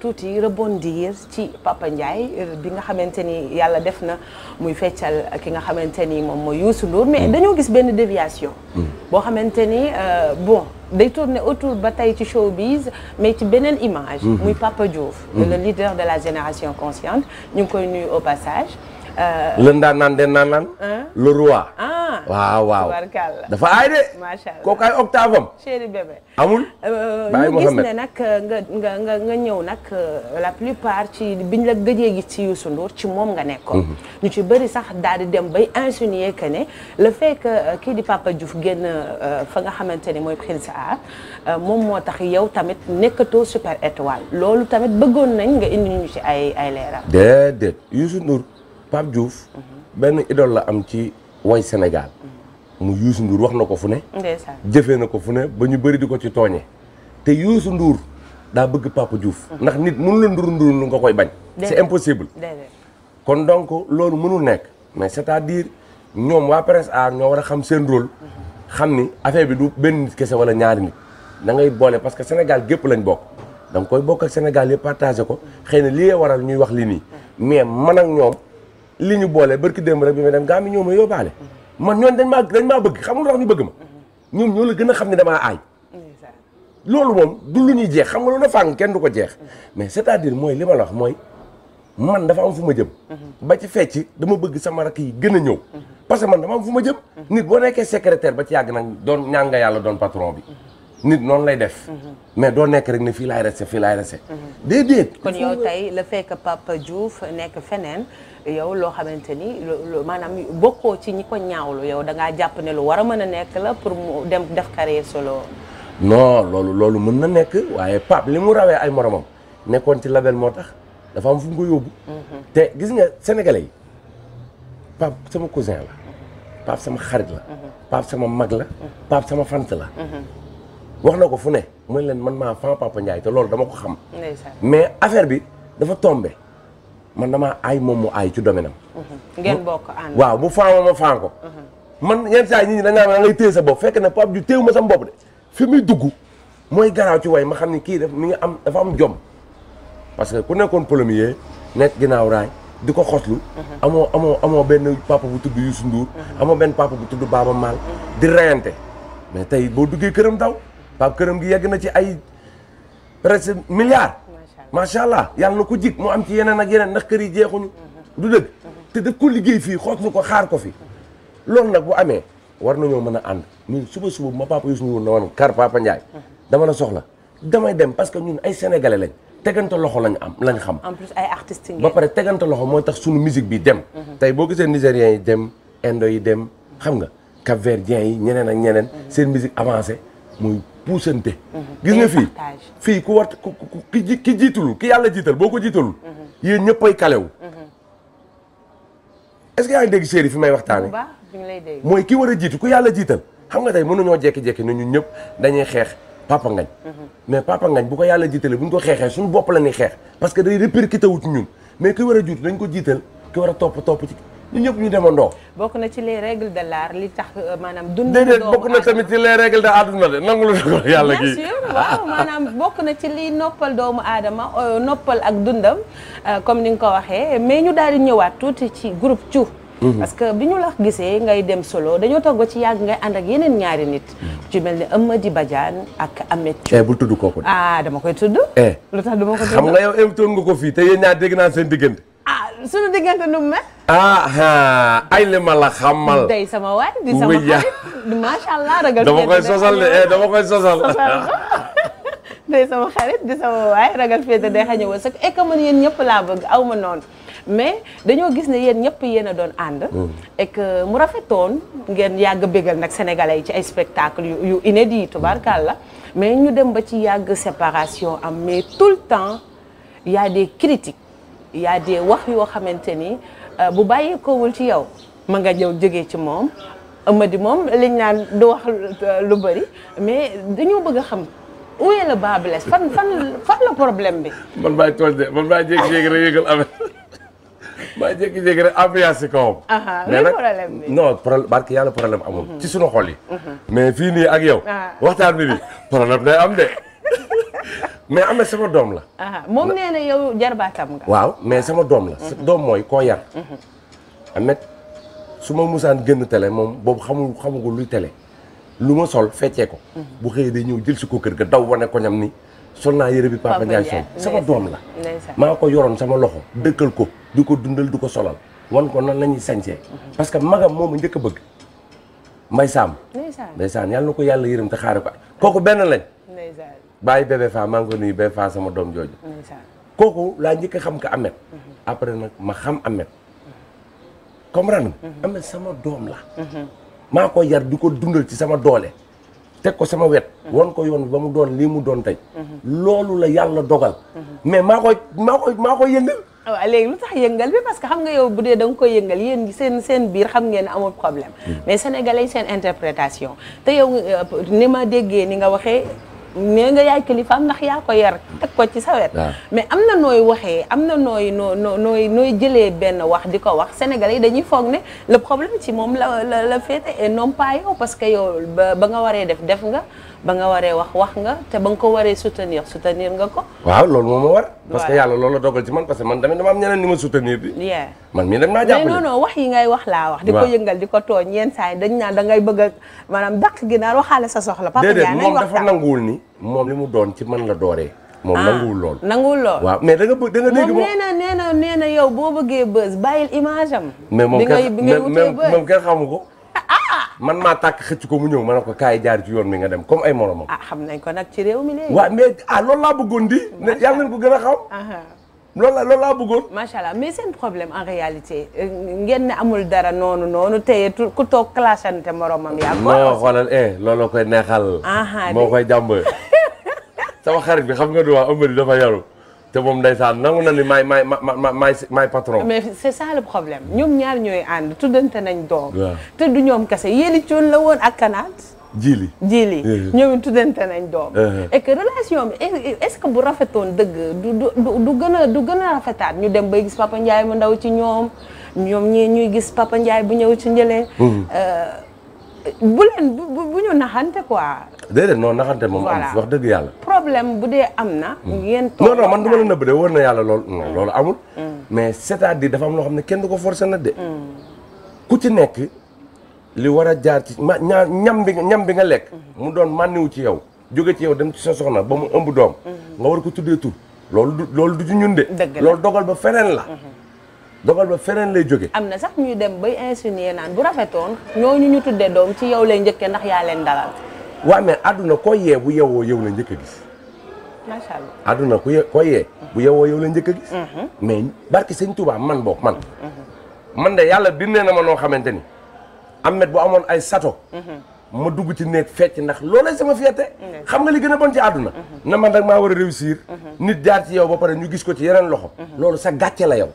tuuti rebondir ci Papa Ndiaye euh, bi nga xamante ni yàlla def na muy feccal ki nga xamante ni moom mooy Youssou Ndour mais mm. dañoo gis benn déviation. Mm. boo xamante ni euh, bon day tourner autour ba tey ci showbiz mais ci beneen image. Mm-hmm. muy Papa Diouf. Mm-hmm. le leader de la génération consciente ñu ngi koy nuyu au passage. Euh, le ndaanaan de naanaan. le roi. Ah, waaw waaw dafa aay de. macha allah kooku ay octave am. chéri bébé. amul. Euh, bàyyi mu gis ne nag euh, nga nga nga nga ñëw nag la plupart ci biñ la gëjee gis ci Youssou Ndour ci moom nga nekkoon. Mhm. ñu ci bëri sax daal di dem bay insinuer que ne le fait que kii di Papa Diouf génn fa nga xamante ne mooy Prince Art moom moo tax yow tamit nekkatoo super étoile loolu tamit bëggoon nañ nga indi ñu ci ay ay leeral. déedéet Youssou Ndour. Pape Diouf benn idole la am ci woy Sénégal mu Youssou Ndour wax na ko fu ne jëfee na ko fu ne ba ñu bëri di ko ci tooñe te Youssou nduur daa bëgg Pape Diouf mhm. ndax nit mënu la nduru nduru lu nga koy bañ c'est impossible kon donc loolu mënul nekk mais c'est-à-dire ñoom waa presse aar ñoo war a xam seen rôle mhm. xam ni affaire bi du benn nit kese wala ñaari nit da ngay boole parce que Sénégal gépp lañ bokk da nga koy bokk ak Sénégal yi partagé ko mhm. xëy na lii waral ñuy wax lii nii man ak li ñu boole barki démb rek bi ma dem gaa mi ñoo ma yóbbaale man ñooñ dañ maa dañ maa bëgg xam nga lu tax bëgg ma ñoom ñoo la gën a xam ne damaa aay loolu moom du lu ñuy jeex xam nga loolu dafa fàng kenn du ko jeex mais c'est-à-dire mooy li ma la wax mooy man dafa am fu ma jëm ba ci fecci dama bëgg sama rakk yi gën a ñëw parce que man dama am fu ma jëm nit boo nekkee secrétaire ba ci yàgg nag doon ñaan nga yàlla doon patron bi nit noonu lay def. mais doo nekk rek ne fii laay resté fii laay resté. déedéet. kon yow tey la fait que Pape nekk feneen yow loo xamante ni maanaam bokkoo ci ñi ko ñaawlu yow da ngaa jàpp ne lu war a mën a nekk la pour mu dem def carrière solo. non loolu loolu mën na nekk waaye Pape li mu rawee ay moromam nekkoon ci label moo tax dafa am fu mu ko mhm. te gis nga sénégalais yi Pape sama cousin la Pape sama xarit la. Mhm. Pape sama mag la. Mhm. Pape sama fant la. wax na ko fu ne mën leen man maa fan Papa Ndiaye te loolu dama ko xam. mais affaire bi dafa tombé man damaa ay moom mu ay ci domaine am. Mhm. ngeen bokk ànd. waaw bu a ma faan ko. Mhm. man yenn saa yi nit ñi da ngaa da ngay téye sa bopp fekk na Pape ju ma sama bopp de fi dugg mooy garaaw ci way ma xam ni kii daf mi ngi am dafa am jom parce que ku nekkoon premier nekk ginnaaw raay. di ko xotlu mhm. amoo amoo amoo benn papa bu tudd Youssou Ndour amoo benn papa bu tudd Baaba Maal di reyante mais tey boo duggee këram daw Pape Këram gi yegg na ci ay presque milliards. macha allah yàlla na ko jig mu am ci yeneen ak yeneen ndax kër yi jeexuñu. Mm-hmm. du dëgg te daf ko liggéey fii xoot ñu ko xaar ko fi. loolu nag bu amee war nañoo mën a ànd ñun suba suba bu ma papa Youssou Ndour ne woon kar papa Ndiaye. Mm-hmm. dama la soxla damay dem parce que ñun ay sénégalais lañ. tegante loxo lañ am lañ xam. en plus ay ba pare tegante loxo mooy tax suñu musique bii dem. Mm-hmm. tey boo gisee nigériens yi dem indo yi dem xam nga cap-verdiens yi ñeneen ak ñeneen. seen musique avancée muy puusante. Mhm. gis nga fii fii ku war ku ki ki jiitalul ki yàlla jiital boo ko jiitalul. Mhm. yéen ñëppay kalewu. Mhm. est-ce que yaa ngi dégg chéri fi may waxtaanee. mooy ki war a jiitu ku yàlla jiital. xam nga tey ñoo jékki-jékki ne ñun ñëpp dañuy xeex papa ngañ. mais papa ngañ bu ko yàlla jiitalee bu ñu ko xeexee suñu bopp la ñuy xeex. parce que day répercuté wut ñun mais ki war a jiitu dañ ko jiital ki war a topp topp ci. ñu ñëpp ñu demandoo. bokk na ci les règles de l'art li tax euh, maanaam. dund déedéet bokk na tamit ci les règles de àdduna de nangu lu ko maanaam bokk na ci liy noppal doomu aadama euh, noppal ak dundam euh, comme ni nga ko waxee mais ñu daal di ñëwaat tuuti ci group Thiou. Mhm. parce que bi ñu la gisee ngay dem solo dañoo toog ci yàgg ngay ànd ak yeneen ñaari nit. Mhm. ci mel ni ne Amady bajaan ak Ameth Thiou. Eh, bul tudd kooku de. ah dama koy tudd. Eh. lu tax dama ko tudd. xam nga yow invité nga ko fii te yéen ñaar dégg naa seen diggante. ah suñu diggante nu mu mel. ah ay li ma la xamal. day sama waay di sama xarit allah ragal dama eh, koy sosal de dama koy di sama waay ragal féete day xañ a wës man yéen ñëpp laa bëgg aw ma noonu. mais dañoo gis ne yéen ñëpp yéen a doon ànd. Mm. et mu rafetoon ngeen yàgg bégal nag sénégal yi ci ay spectacle yu yu inédit tubaarkàlla mais ñu dem ba ci yàgg séparation am mais tout le temps y a des critiques y a yoo xamante Euh, bu bàyyi koowul ci yow ma nga ñëw jógee ci moom ama di moom liñ naan du wax lu bëri mais dañoo bëgg a xam où est le bât fan fan fan la problème bi man maay tooj de man maay jékki-jékki rek yëgal affaire maay jékki-jékki rek ambiance si kawam mais nag bi non problème barke yàlla problème amul mhm. ci suñu xol yi mhm. mais fii nii ak yow ah. waxtaan bi bi problème am de mais am na sama doom la. moom nee na yow jarbaatam nga. waaw mais sama doom la. Mhm. doom mooy koo yar. Mhm. amet su ma musaan génn télé moom boobu xamul xamugul luy tele lu ma sol feccee ko. Mhm. bu xëyee day ñëw jël si ko kër ga daw wane ko ñam ni sol naa yëre bi Papa Ndiaye sol sama doom la. maa ko yoroon sama loxo dëkkal ko di ko dundal du ko solal wan ko nan la ñuy sañsee parce que magam moomu njëkk a bëgg. Mbay Saam. ndeysaan ndeysaan yàlla na ko yàlla yërëm te xaare ko kooku benn lañ. bàyyi bébé faa maa ngi ko nuyu bébé faa sama doom jooju. kooku laa njëkk a xam ko Ameth. Mm-hmm. après nag ma xam Ameth. Mm-hmm. comprendre nga. Mm-hmm. Ameth sama doom la. maa ko yar di ko dundal ci sama doole. teg ko sama wet. wan ko yoon ba mu doon lii mu doon tey. loolu la yàlla dogal. mais maa koy maa koy maa ko yëngal. Ah waaw léegi lu tax yëngal bi parce que xam nga yow bu dee da nga koy yëngal yéen seen seen biir xam ngeen ne amul problème. Mm. mais sénégalais seen interprétation te yow euh, ni ma déggee ni nga waxee. nee nga yaay kilifaam ndax yaa ko yar teg ko ci sa wet mais am na nooy waxee am na nooy noo noo nooy nooy jëlee benn wax di ko wax sénégal yi dañuy foog ne le problème ci moom la la la féete et non parce que yow ba nga waree def def nga ba nga waree wax wax nga te ba nga ko waree soutenir soutenir nga ko. waaw loolu moom moo war. parce que yàlla loolu la dogal ci man parce que man tamit dama am ñeneen ni ma soutenir bi. man mii dañ maa jàppale mais non non wax yi ngay wax laa wax. di ko yëngal di ko tooñ yenn saa yi dañ ngay bëgg a maanaam dàq ginaar waxaale sa soxla. papa Ndiaye nañ ni. moom li mu doon ci man la dooree. moom ah, nanguwul lool nanguwul lool waaw mais da nga bëgg da nga dégg moom yow boo bëggee buzz bàyyil image am. bi ngay bi ko man maa tàkk xëcc ko mu ñëw ma ne ko kaay jaar ci yoon mi nga dem comme ay moromam. ah xam nañ ko nag ci réew mi léegi. waaw mais ah loolu laa bëggoon di. ne yàlla nañ ko gën a xaw. Ah, ah. loolu la loolu macha allah mais seen problème en réalité ngeen ne amul dara noonu noonu te ku toog clashante moromam. yaa ko moo xoolal eh looloo koy neexal. Ah, moo koy jàmb. sama xarit bi xam nga du waa ëmb dafa yaru. te moom ndeysaan nangu na ni maay maay ma maay maay patron. mais c'est ça le problème ñoom ñaar ñooy ànd tuddante nañ doom. te du ñoom kese yéen cuun la woon ak kanaat. jiili jiili. Eh, eh. ñoom tuddante nañ doom. Eh, et que relation bi est-ce que bu rafetoon dëgg du gën a du gën a rafetaat ñu dem bay gis Papa Ndiaye mu ndaw ci ñoom ñoom ñii ñuy gis Papa Ndiaye bu ñëw ci njëlee. Euh, bu leen bu bu ñu naxante quoi. déedéet non naxante moom. am wax dëgg yàlla. problème bu dee am na. Hmm. ngeen toog man du ma la bu de wër na yàlla loolu hmm. loolu amul. Hmm. mais c'est-à-dire dafa am loo xam ne kenn du ko forcer na de. ku ci nekk li war a jaar ci ma ñam bi ñam bi nga lekk. mu doon mànniwu ci yow jóge ci yow dem ci sa soxna ba mu ëmb doom. nga war ko tuddee tur loolu du loolu du ci ñun de. loolu dogal ba feneen la. dogal ba feneen lay jóge am na sax ñuy dem bay insinuer naan bu rafetoon ñooñu ñu tuddee doom ci yow lay njëkkee ndax yaa leen dalal. waaw mais àdduna koo yeebu yewoo yow la njëkk gis. macha allah àdduna ku ye ko yee. bu yowoo yow la njëkk a gis. Mhm. mais barki sëñ Touba man boog man. Mhm. man de yàlla bindee na ma noo xamante ni. Ahmed bu amoon ay sato. Mhm. ma dugg ci néeg fecc ndax loolay sama fierté xam nga li gën a bon ci àdduna na man nag maa war a réussir nit jaar ci yow ba pare ñu gis ko ci yeneen loxo loolu sa gàcce la yow